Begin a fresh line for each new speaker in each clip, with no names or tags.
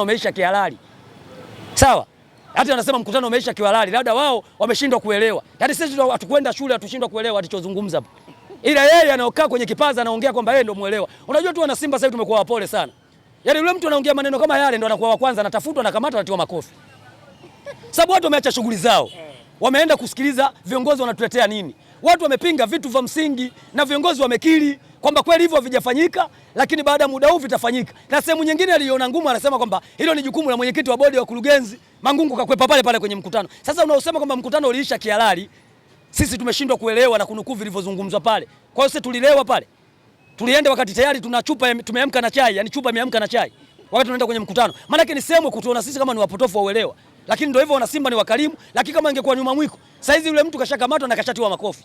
mkutano umeisha kihalali, sawa. Hata wanasema mkutano umeisha kihalali, labda wao wameshindwa kuelewa. Yaani sisi hatukwenda shule, hatushindwa kuelewa alichozungumza hapo, ila yeye anaokaa kwenye kipaza anaongea kwamba yeye ndio muelewa. Unajua tu wana Simba sasa tumekuwa wapole sana, yaani yule mtu anaongea maneno kama yale ndio anakuwa wa kwanza, anatafutwa, na kamata anatiwa makofi, sababu watu wameacha shughuli zao, wameenda kusikiliza viongozi wanatuletea nini watu wamepinga vitu vya msingi na viongozi wamekiri kwamba kweli hivyo havijafanyika, lakini baada ya muda huu vitafanyika. Na sehemu nyingine aliona ngumu, anasema kwamba hilo ni jukumu la mwenyekiti wa bodi ya wakurugenzi. Mangungu kakwepa pale pale kwenye mkutano. Sasa unaosema kwamba mkutano uliisha kihalali, sisi tumeshindwa kuelewa na kunukuu vilivyozungumzwa pale. Kwa hiyo sisi tulilewa pale, tulienda wakati tayari tuna chupa tumeamka na chai, yani chupa imeamka na chai wakati tunaenda kwenye mkutano. Maana yake ni sehemu kutuona sisi kama ni wapotofu wa uelewa. Lakini ndio hivyo, wana Simba ni wakarimu, lakini kama ingekuwa nyuma mwiko, sasa hizi yule mtu kashakamatwa na kashatiwa makofi.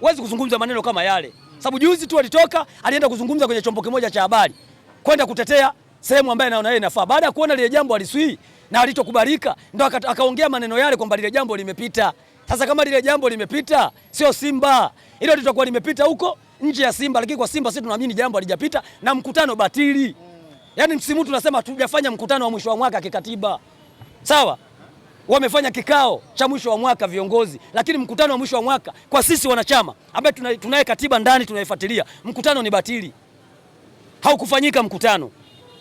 Huwezi kuzungumza maneno kama yale. Sababu juzi tu alitoka, alienda kuzungumza kwenye chombo kimoja cha habari. Kwenda kutetea sehemu ambayo anaona yeye inafaa. Baada ya kuona lile jambo alisui na alichokubalika, ndo akaongea maneno yale kwamba lile jambo limepita. Sasa kama lile jambo limepita, sio Simba. Hilo litakuwa limepita huko nje ya Simba, lakini kwa Simba sisi tunaamini jambo halijapita na mkutano batili. Yaani msimu tunasema tujafanya mkutano wa mwisho wa mwaka kikatiba. Sawa? wamefanya kikao cha mwisho wa mwaka viongozi, lakini mkutano wa mwisho wa mwaka kwa sisi wanachama ambaye tunaye tuna katiba ndani tunaifuatilia, mkutano ni batili. Haukufanyika mkutano,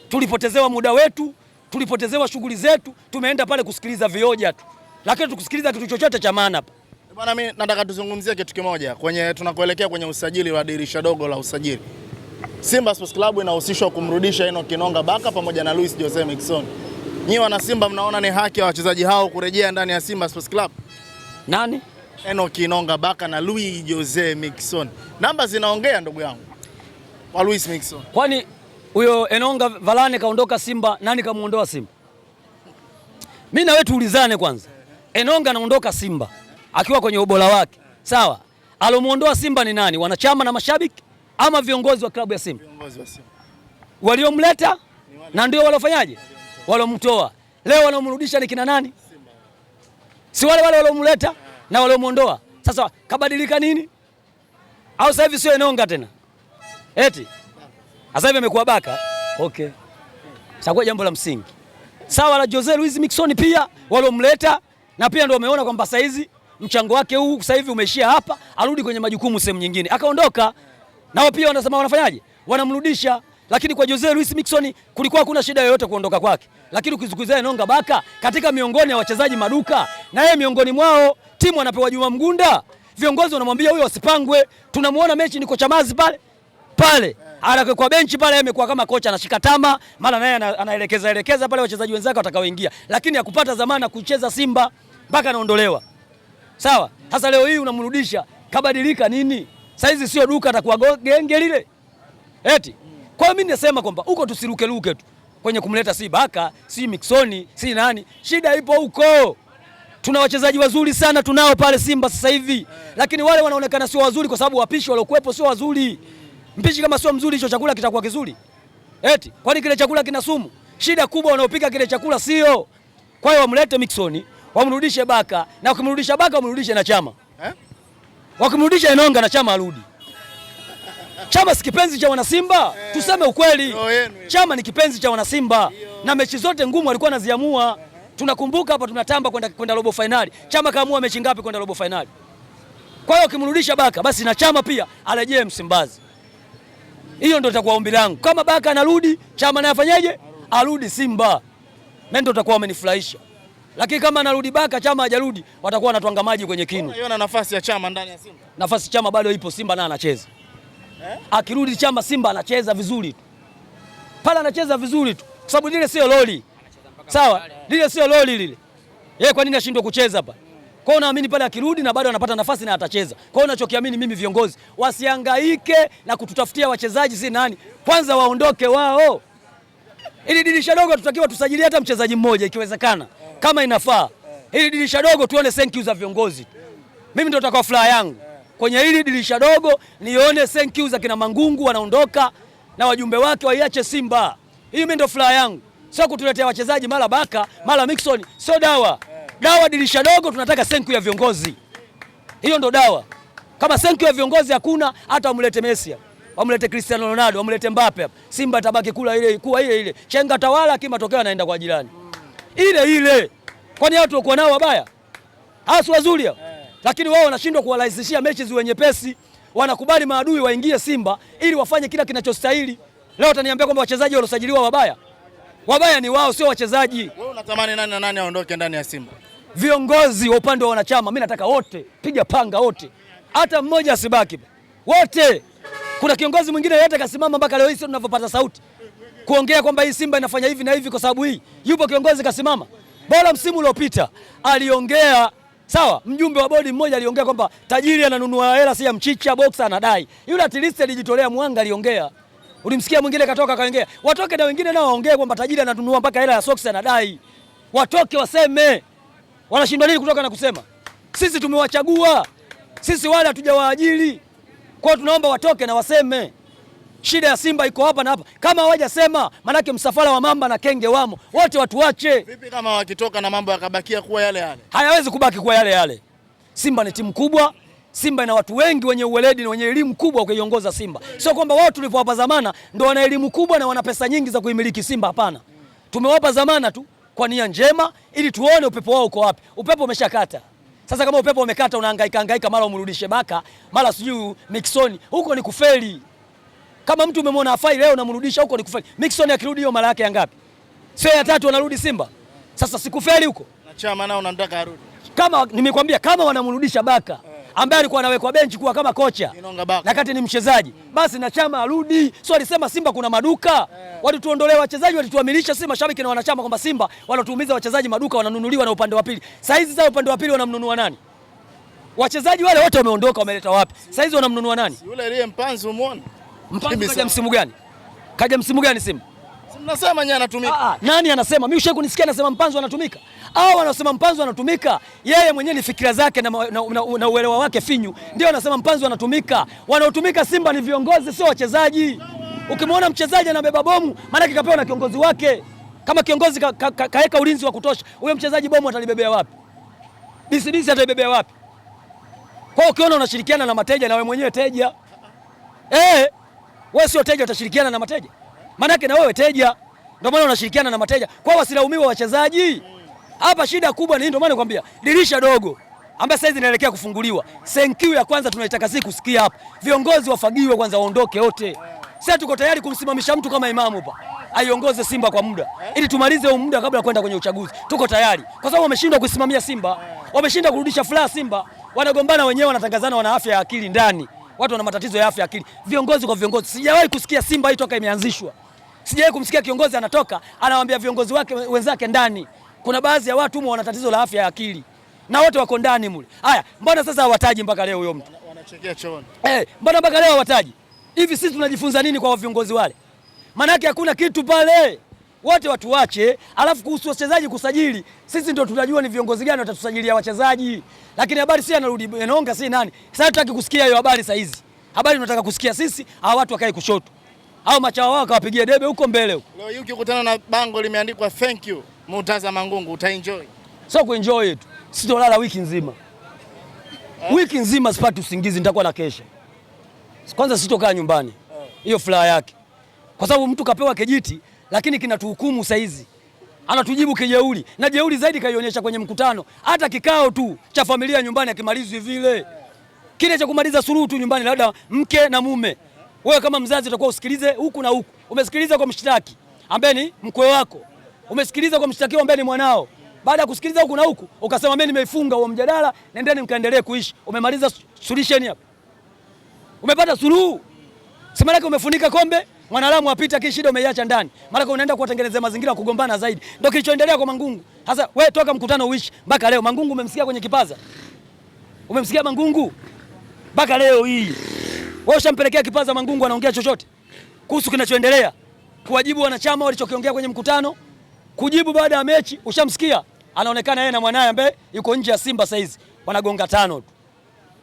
tulipotezewa muda wetu, tulipotezewa shughuli zetu. Tumeenda pale kusikiliza vioja tu, lakini tukusikiliza kitu chochote cha maana hapa
bwana. Mimi nataka tuzungumzie kitu kimoja kwenye tunakoelekea kwenye usajili wa dirisha dogo la usajili. Simba Sports Club inahusishwa kumrudisha Enoch Kinonga Baka pamoja na Luis Jose Miquissone Nyi wana Simba mnaona ni haki ya wachezaji hao kurejea ndani ya Simba Sports Club? Nani? Enoki Inonga Baka na Louis Jose Mixon. Namba zinaongea ndugu yangu. Wa Louis Mixon.
Kwani huyo Enonga Valane kaondoka Simba, nani kamuondoa Simba? Mimi na wewe tuulizane kwanza. Enonga anaondoka Simba akiwa kwenye ubora wake. Sawa. Alomuondoa Simba ni nani? Wanachama na mashabiki ama viongozi wa klabu ya Simba? Viongozi wa Simba. Waliomleta na ndio walofanyaje? walomtoa, leo wanaomrudisha ni kina nani? Si wale wale waliomleta na waliomuondoa. Sasa kabadilika nini? Au sasa hivi sio enonga tena, eti sasa hivi amekuwa baka? Okay, Sasa jambo la msingi sawa la Jose Luis Mixon pia waliomleta na pia ndio wameona kwamba sasa hizi mchango wake huu sasa hivi umeishia hapa, arudi kwenye majukumu sehemu nyingine, akaondoka. Nao pia wanasema, wanafanyaje? Wanamrudisha. Lakini kwa Jose Luis Mixon kulikuwa hakuna shida yoyote kuondoka kwake. Lakini ukizunguzia Enonga Baka katika miongoni ya wachezaji maduka, na yeye miongoni mwao, timu anapewa Juma Mgunda, viongozi wanamwambia huyo asipangwe. Tunamuona mechi ni kocha Mazi pale pale kwa benchi pale, amekuwa kama kocha anashika tama, mara naye anaelekeza elekeza pale wachezaji wenzake watakaoingia, lakini hakupata zamana kucheza Simba mpaka anaondolewa. Sawa, sasa leo hii unamrudisha, kabadilika nini? Saizi sio duka atakuwa genge lile eti kwa hiyo mimi nasema kwamba huko tusiruke tusirukeruke tu kwenye kumleta si Baka si Miksoni si nani, shida ipo huko. Tuna wachezaji wazuri sana tunao pale Simba sasa hivi, lakini wale wanaonekana sio wazuri kwa sababu wapishi waliokuwepo sio wazuri. Mpishi kama sio mzuri, hicho chakula kitakuwa kizuri eti? Kwani kile chakula kina sumu? Shida kubwa wanaopika kile chakula sio. Kwa hiyo wamlete Miksoni, wamrudishe Baka, na ukimrudisha Baka wamrudishe na Chama eh? wakimrudisha Enonga na Chama arudi. Chama si kipenzi cha wanasimba yeah. tuseme ukweli no, yeah, no, yeah. Chama ni kipenzi cha wanasimba na mechi zote ngumu alikuwa anaziamua. uh -huh. Tunakumbuka hapa tunatamba kwenda kwenda robo fainali. Chama kaamua mechi ngapi kwenda robo fainali? Kwa hiyo ukimrudisha Baka basi na Chama pia arejee Msimbazi. Hiyo ndio itakuwa ombi langu, kama Baka anarudi Chama naye afanyeje? Arudi Simba. Mimi ndio utakuwa amenifurahisha, lakini kama anarudi Baka Chama hajarudi watakuwa wanatwanga maji kwenye kinu.
Unaona nafasi ya Chama ndani ya Simba?
Nafasi Chama bado ipo Simba na anacheza eh? Akirudi chama Simba anacheza vizuri tu pale, anacheza vizuri tu kwa sababu lile sio loli, sawa? Lile sio loli lile, yeye kwa nini ashindwe kucheza pale? Kwa hiyo naamini pale akirudi na bado anapata nafasi na atacheza. Kwa hiyo ninachokiamini mimi, viongozi wasihangaike na kututafutia wachezaji si nani, kwanza waondoke wao, ili dirisha dogo tutakiwa tusajili hata mchezaji mmoja ikiwezekana, kama inafaa, ili dirisha dogo tuone thank you za viongozi. Mimi ndio nitakao furaha yangu kwenye hili dirisha dogo nione thank you za kina Mangungu wanaondoka na wajumbe wake, waiache Simba. Hii mimi ndio furaha yangu, sio kutuletea wachezaji mara Baka mara Mixon, sio dawa. Dawa dirisha dogo, tunataka thank you ya viongozi, hiyo ndio dawa. Kama thank you ya viongozi hakuna, hata wamlete Messi wamlete Cristiano Ronaldo wamlete Mbappe hapa, Simba tabaki kula ile kuwa ile ile chenga tawala, kimatokeo anaenda kwa jirani ile ile. Kwani watu wako nao wabaya, hao wazuri hao? lakini wao wanashindwa kuwarahisishia mechi ziwe nyepesi, wanakubali maadui waingie Simba ili wafanye kila kinachostahili. Leo utaniambia kwamba wachezaji waliosajiliwa wabaya? Wabaya ni wao, sio wachezaji.
Wewe unatamani nani na nani aondoke ndani ya Simba?
Viongozi wa upande wa wanachama, mimi nataka wote, piga panga wote, hata mmoja asibaki, wote. Kuna kiongozi mwingine yote kasimama mpaka leo hii, sio tunavyopata sauti kuongea kwamba hii Simba inafanya hivi na hivi kwa sababu hii. Yupo kiongozi kasimama? Bora msimu uliopita aliongea Sawa, mjumbe wa bodi mmoja aliongea kwamba tajiri ananunua hela si ya mchicha, box anadai. Yule at least alijitolea mwanga aliongea. Ulimsikia mwingine katoka akaongea Watoke na wengine nao waongee kwamba tajiri ananunua mpaka hela ya socks anadai. Watoke waseme. Wanashindwa nini kutoka na kusema? Sisi tumewachagua. Sisi wala hatujawaajiri. Kwa hiyo tunaomba watoke na waseme. Shida ya Simba iko hapa na hapa, kama hawajasema manake msafara wa mamba na kenge wamo wote, watu wache.
Vipi kama wakitoka na mambo yakabakia kuwa yale yale?
Hayawezi kubaki kuwa yale yale. Simba ni timu kubwa, Simba ina watu wengi wenye uweledi na wenye elimu kubwa kuiongoza Simba. Sio kwamba wao tulivyowapa zamana ndo wana elimu kubwa na wana pesa nyingi za kuimiliki Simba, hapana. Tumewapa zamana tu kwa nia njema, ili tuone upepo wao uko wapi. Upepo umeshakata sasa. Kama upepo umekata, unahangaika hangaika, mara umrudishe Baka, mara sijui Mixon, huko ni kufeli. Kama mtu umemwona afai leo namrudisha huko ni kufeli. Mixon akirudi hiyo mara yake ya ngapi? Sio ya tatu anarudi Simba. Sasa sikufeli huko.
Na chama nao unamtaka arudi.
Kama nimekwambia kama wanamrudisha Baka eh. ambaye alikuwa anawekwa benchi kuwa kama kocha na kati ni mchezaji mm. Basi na chama arudi. sio alisema Simba kuna maduka yeah. Walituondolee wachezaji, walituamilisha sisi mashabiki na wanachama kwamba Simba walituumiza wachezaji, maduka wananunuliwa na upande wa pili. Saa hizi sasa upande wa pili wanamnunua nani? Wachezaji wale wote wameondoka, wameleta wapi? Saa hizi wanamnunua nani?
Yule aliye mpanzi umuone
Mpanzu kaja msimu gani? Kaja msimu gani Simba?
Mnasema nyanya anatumika. Aa, ah, ah,
nani anasema? Mimi ushawahi kunisikia anasema Mpanzu anatumika? Hao wanasema Mpanzu anatumika? Yeye mwenyewe ni fikira zake na, na, na, na uelewa wake finyu ndio anasema Mpanzu anatumika. Wanaotumika Simba ni viongozi, sio wachezaji. Ukimwona mchezaji anabeba bomu, maana kikapewa na kiongozi wake. Kama kiongozi ka, ka, ka, kaweka ulinzi wa kutosha, huyo mchezaji bomu atalibebea wapi? bisi atalibebea wapi? Kwa hiyo ukiona unashirikiana na mateja na wewe mwenyewe teja. Eh, wewe sio teja, utashirikiana na mateja. Maanake na wewe teja, ndio maana unashirikiana na mateja. Kwa hiyo wasilaumiwe wachezaji hapa. Shida kubwa ni ndio maana nakwambia dirisha dogo ambaye saizi inaelekea kufunguliwa. Senkiu ya kwanza tunaitaka sisi kusikia hapa, viongozi wafagiwe kwanza, waondoke wote. Sasa tuko tayari kumsimamisha mtu kama Imamu hapa aiongoze Simba kwa muda ili tumalize huu muda kabla ya kwenda kwenye uchaguzi. Tuko tayari kwa sababu wameshindwa kusimamia Simba, wameshindwa kurudisha furaha Simba, wanagombana wenyewe, wanatangazana, wana afya ya akili ndani watu wana matatizo ya afya akili, viongozi kwa viongozi. Sijawahi kusikia Simba hii toka imeanzishwa, sijawahi kumsikia kiongozi anatoka anawaambia viongozi wake wenzake ndani, kuna baadhi ya watu humo wana tatizo la afya ya akili na wote wako ndani mule. Haya, mbona sasa hawataji mpaka leo huyo mtu
wanachekea chooni?
Eh, mbona mpaka leo hawataji? Hivi sisi tunajifunza nini kwa viongozi wale? yake hakuna kitu pale wote watu wache. Alafu kuhusu wachezaji kusajili, sisi ndio tunajua ni viongozi gani watatusajilia wachezaji, lakini habari si anarudi Enonga si nani. Sasa tunataka kusikia hiyo habari saa hizi, habari tunataka kusikia sisi hawa watu wakae kushoto, au machawa wao kawapigia debe huko mbele huko.
Leo hii ukikutana na bango limeandikwa thank you Murtaza Mangungu, utaenjoy
sio kuenjoy tu, sitolala wiki nzima eh. Wiki nzima sipati usingizi, nitakuwa na kesha kwanza, sitokaa nyumbani eh. hiyo eh. Furaha yake kwa sababu mtu kapewa kijiti lakini kinatuhukumu saizi, hizi anatujibu kijeuri na jeuri zaidi kaionyesha kwenye mkutano. Hata kikao tu cha familia nyumbani akimalizwi vile kile cha kumaliza suluhu tu nyumbani, labda mke na mume. Wewe kama mzazi utakuwa usikilize huku na huku, umesikiliza kwa mshtaki ambaye ni mkwe wako, umesikiliza kwa mshtakiwa ambaye ni mwanao. Baada ya kusikiliza huku na huku, ukasema mimi nimeifunga huo mjadala, nendeni mkaendelee kuishi. Umemaliza solution hapo, umepata suluhu, si umefunika kombe mwanadamu apita kisha shida umeiacha ndani, mara kwa unaenda kuwatengenezea mazingira ya kugombana zaidi. Ndio kilichoendelea kwa Mangungu. Sasa we toka mkutano uishi mpaka leo, Mangungu umemsikia kwenye kipaza? Umemsikia Mangungu mpaka leo hii? Wewe ushampelekea kipaza Mangungu anaongea chochote kuhusu kinachoendelea, kuwajibu wanachama walichokiongea kwenye mkutano, kujibu baada ya mechi? Ushamsikia anaonekana yeye na mwanaye ambaye yuko nje ya Simba sasa hizi wanagonga tano tu,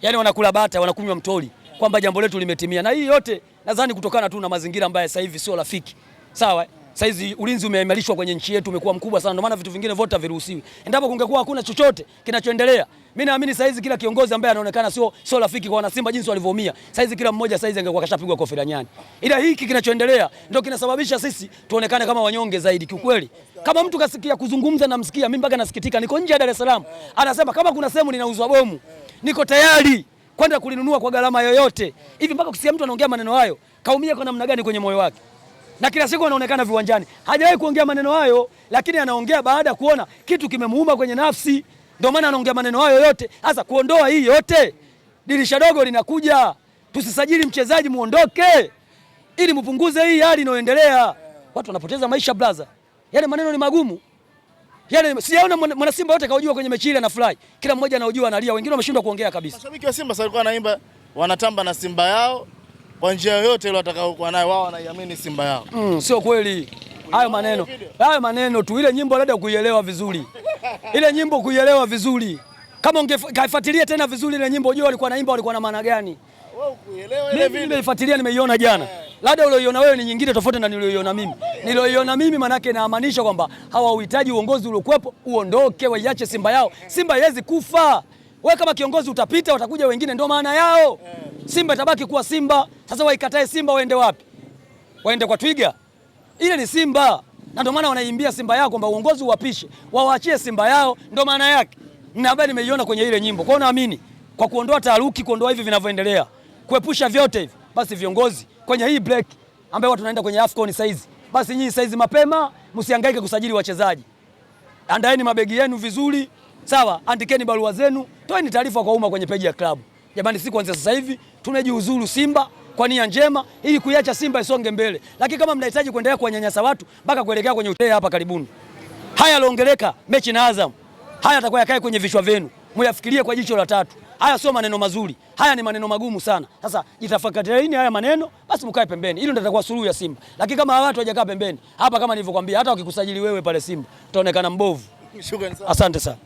yaani wanakula bata, wanakunywa mtoli, kwamba jambo letu limetimia, na hii yote nadhani kutokana tu na mazingira ambayo sasa hivi sio rafiki. Sawa, sasa hizi ulinzi umeimarishwa kwenye nchi yetu umekuwa mkubwa sana, ndio maana vitu vingine vyote haviruhusiwi. Endapo kungekuwa hakuna chochote kinachoendelea, mimi naamini sasa hizi kila kiongozi ambaye anaonekana sio sio rafiki kwa wanasimba, jinsi walivyoumia sasa hizi, kila mmoja sasa hizi angekuwa kashapigwa kofi la nyani. Ila hiki kinachoendelea ndio kinasababisha sisi tuonekane kama wanyonge zaidi. Kiukweli, kama mtu kasikia kuzungumza, na msikia, mimi mpaka nasikitika. Niko nje ya Dar es Salaam, anasema kama kuna sehemu ninauzwa bomu, niko tayari kwenda kulinunua kwa gharama yoyote hivi. Mpaka kusikia mtu anaongea maneno hayo, kaumia kwa namna gani kwenye moyo wake? Na kila siku anaonekana viwanjani, hajawahi kuongea maneno hayo, lakini anaongea baada ya kuona kitu kimemuuma kwenye nafsi, ndio maana anaongea maneno hayo yote. Sasa kuondoa hii yote, dirisha dogo linakuja, tusisajili mchezaji muondoke, ili mpunguze hii hali inayoendelea. Watu wanapoteza maisha brother. yale yaani maneno ni magumu. Yaani sijaona mwana Simba yote kaujua kwenye mechi ile fly. Kila mmoja anaojua analia, wengine wameshindwa kuongea kabisa.
Mashabiki wa Simba sasa walikuwa wanaimba wanatamba na Simba yao kwa njia yoyote ile watakayokuwa nayo wao wanaiamini Simba yao.
Mm, sio kweli. Hayo maneno. Hayo maneno tu ile nyimbo labda kuielewa vizuri. Ile nyimbo kuielewa vizuri. Kama ungefuatilia tena vizuri ile nyimbo, unajua walikuwa naimba walikuwa na maana gani?
Wewe kuielewa ile vile. Mimi
nimeifuatilia nimeiona jana. Eh labda ulioiona wewe ni nyingine tofauti na nilioiona mimi. Nilioiona mimi manake naamanisha kwamba hawauhitaji uongozi uliokuwepo uondoke, waiache Simba yao. Simba haiwezi kufa. We kama kiongozi utapita, watakuja wengine, ndio maana yao. Simba itabaki kuwa Simba. Sasa waikatae Simba waende wapi? Waende kwa Twiga? Ile ni Simba na ndio maana wanaimbia Simba yao kwamba uongozi uwapishe, wawaachie Simba yao, ndio maana yake. Na habari nimeiona kwenye ile nyimbo. Kwa hiyo naamini kwa kuondoa taharuki, kuondoa hivi vinavyoendelea, kuepusha vyote hivi, basi viongozi kwenye hii break ambayo watu wanaenda kwenye AFCON saizi, basi nyinyi saizi mapema msihangaike kusajili wachezaji, andaeni mabegi yenu vizuri, sawa, andikeni barua zenu, toeni taarifa kwa umma kwenye peji ya klabu. Jamani, si kuanzia sasa hivi tunajiuzuru Simba kwa nia njema ili kuiacha Simba isonge mbele, lakini kama mnahitaji kuendelea kuwanyanyasa watu mpaka kuelekea kwenye utee hapa karibuni, haya aliongeleka mechi na Azam, haya atakuwa yakae kwenye vichwa vyenu, muyafikirie kwa jicho la tatu. Haya sio maneno mazuri, haya ni maneno magumu sana. Sasa jitafakarini haya maneno basi, mkae pembeni. Hilo ndio litakuwa suluhu ya Simba, lakini kama watu hawajakaa pembeni hapa, kama nilivyokuambia, hata wakikusajili wewe pale Simba utaonekana mbovu. Asante sana.